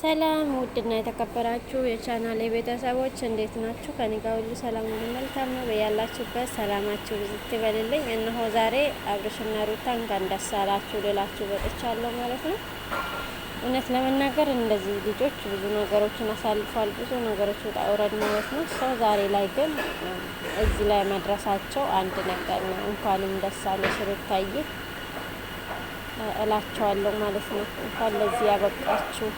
ሰላም ውድና የተከበራችሁ የቻናሌ ቤተሰቦች እንዴት ናችሁ? ከኔ ጋር ሁሉ ሰላም ሁሉ መልካም ነው። በያላችሁበት ሰላማችሁ ብዝት ይበልልኝ። እነሆ ዛሬ አብርሽና ሩታ እንኳን ደስ አላችሁ ልላችሁ በጥቻለሁ ማለት ነው። እውነት ለመናገር እንደዚህ ልጆች ብዙ ነገሮችን አሳልፏል፣ ብዙ ነገሮች ውጣ ውረድ ማለት ነው። ሰው ዛሬ ላይ ግን እዚህ ላይ መድረሳቸው አንድ ነገር ነው። እንኳንም ደስ አለሽ ሩታዬ እላቸዋለሁ ማለት ነው። እንኳን ለዚህ ያበቃችሁ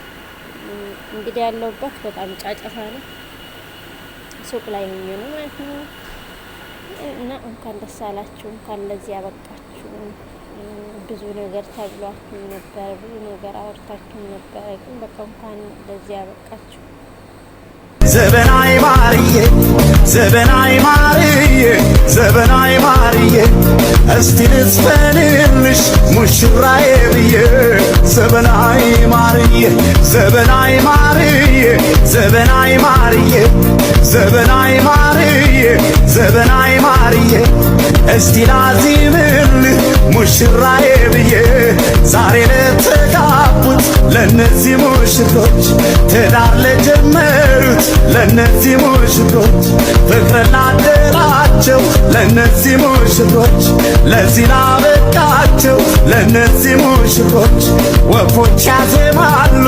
እንግዲህ ያለውበት በጣም ጫጫታ ነው። ሱቅ ላይ ሆኜ ነው ማለት ነው። እና እንኳን ደስ አላችሁ፣ እንኳን ለዚህ ያበቃችሁ። ብዙ ነገር ተብሏችሁ ነበረ፣ ብዙ ነገር አውርታችሁ ነበረ። ግን በቃ እንኳን ለዚህ ያበቃችሁ። ዘበናይ ማርዬ፣ ዘበናይ ማርዬ ዘበናይ ማርዬ እስቲ ልዝፈንልሽ ሙሽራዬ ብዬ ዘበናይ ማርዬ ዘበናይ ማርዬ ዘበናይ ማርዬ ዘበናይ ማርዬ ዘበናይ ማርዬ እስቲ ላዚምልህ ሙሽራዬ ብዬ ዛሬ ለተጋቡት ለነዚህ ሙሽሮች ትዳር ለጀመሩት ለነዚህ ሙሽሮች ፍቅር ላደራቸው ለነዚህ ሙሽሮች ለዚህ ላበቃቸው ለነዚህ ሙሽሮች ወፎች ያዜማሉ።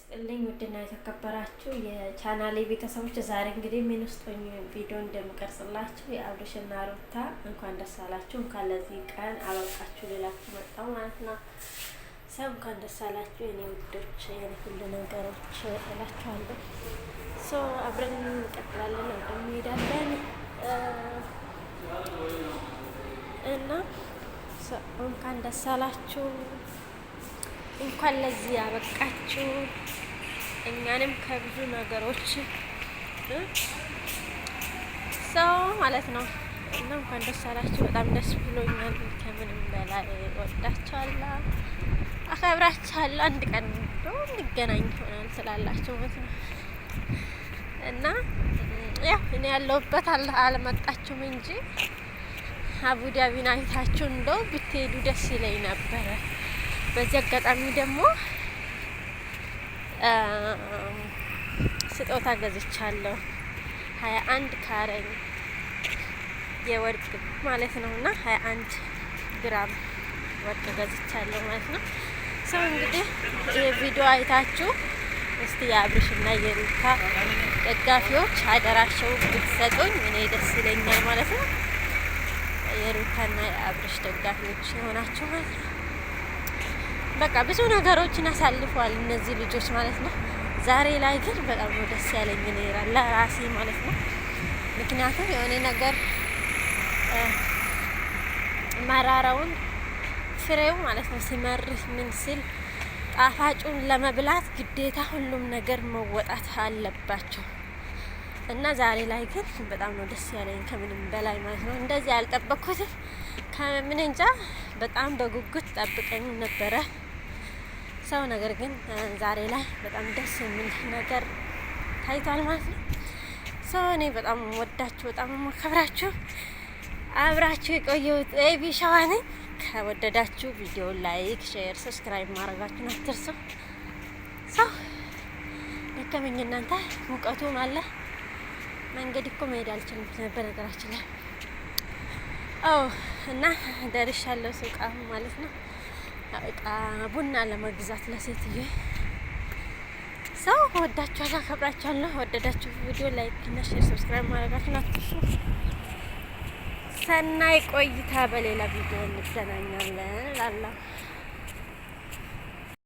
ስጥልኝ ውድና የተከበራችሁ የቻናሌ ቤተሰቦች ዛሬ እንግዲህ ምን ውስጥ ቪዲዮ እንደምቀርጽላችሁ የአብርሽና ሩታ እንኳን ደስ አላችሁ እንኳን ለዚህ ቀን አበቃችሁ ልላችሁ መጣሁ ማለት ነው። ሰው እንኳን ደስ አላችሁ የኔ ውዶች፣ የኔ ሁሉ ነገሮች እላችኋለሁ። ሶ አብረን እንቀጥላለን፣ አብረን እንሄዳለን እና እንኳን ደስ አላችሁ እንኳን ለዚህ ያበቃችሁ። እኛንም ከብዙ ነገሮች ሰው ማለት ነው እና እንኳን ደስ አላችሁ። በጣም ደስ ብሎኛል። ከምንም በላይ ወዳችኋለሁ፣ አከብራችኋለሁ። አንድ ቀን እንደው እንገናኝ ይሆናል ስላላችሁ ማለት ነው እና ያው እኔ ያለሁበት አልመጣችሁም እንጂ አቡዳቢን አይታችሁ እንደው ብትሄዱ ደስ ይለኝ ነበረ። በዚህ አጋጣሚ ደግሞ ስጦታ ገዝቻለሁ። ሀያ አንድ ካሬ የወርቅ ማለት ነው እና ሀያ አንድ ግራም ወርቅ ገዝቻለሁ ማለት ነው። ሰው እንግዲህ የቪዲዮ አይታችሁ እስቲ እና የሩታ ደጋፊዎች አደራቸው ብትሰጡኝ እኔ ደስ ይለኛል ማለት ነው። የሩታና የአብርሽ ደጋፊዎች የሆናችሁ ማለት ነው። በቃ ብዙ ነገሮችን አሳልፈዋል እነዚህ ልጆች ማለት ነው። ዛሬ ላይ ግን በጣም ነው ደስ ያለኝ እኔ ለራሴ ማለት ነው። ምክንያቱም የሆነ ነገር መራራውን ፍሬው ማለት ነው ሲመርህ ምን ሲል ጣፋጩን ለመብላት ግዴታ ሁሉም ነገር መወጣት አለባቸው እና ዛሬ ላይ ግን በጣም ነው ደስ ያለኝ ከምንም በላይ ማለት ነው። እንደዚህ አልጠበቅኩትም። ከምን እንጃ በጣም በጉጉት ጠብቀኝ ነበረ። ሰው ነገር ግን ዛሬ ላይ በጣም ደስ የሚል ነገር ታይቷል ማለት ነው። ሰው እኔ በጣም ወዳችሁ በጣም ማከብራችሁ አብራችሁ የቆየሁት ኤቢ ሸዋ ከወደዳችሁ ቪዲዮ ላይክ፣ ሼር፣ ሰብስክራይብ ማድረጋችሁን አትርሱ። ሰው ደከመኝ እናንተ ሙቀቱም አለ መንገድ እኮ መሄድ አልችልም ነበር ነገራችን ላይ እና ደርሻለሁ ሱቃ ማለት ነው። እቃ ቡና ለመግዛት ለሴትዮ ሰው ወዳችኋለሁ፣ አከብራችኋለሁ። ወደዳችሁ ቪዲዮ ላይክ እና ሼር፣ ሰብስክራይብ ማድረጋችሁን አትርሱ። ሰናይ ቆይታ። በሌላ ቪዲዮ እንገናኛለን ላላ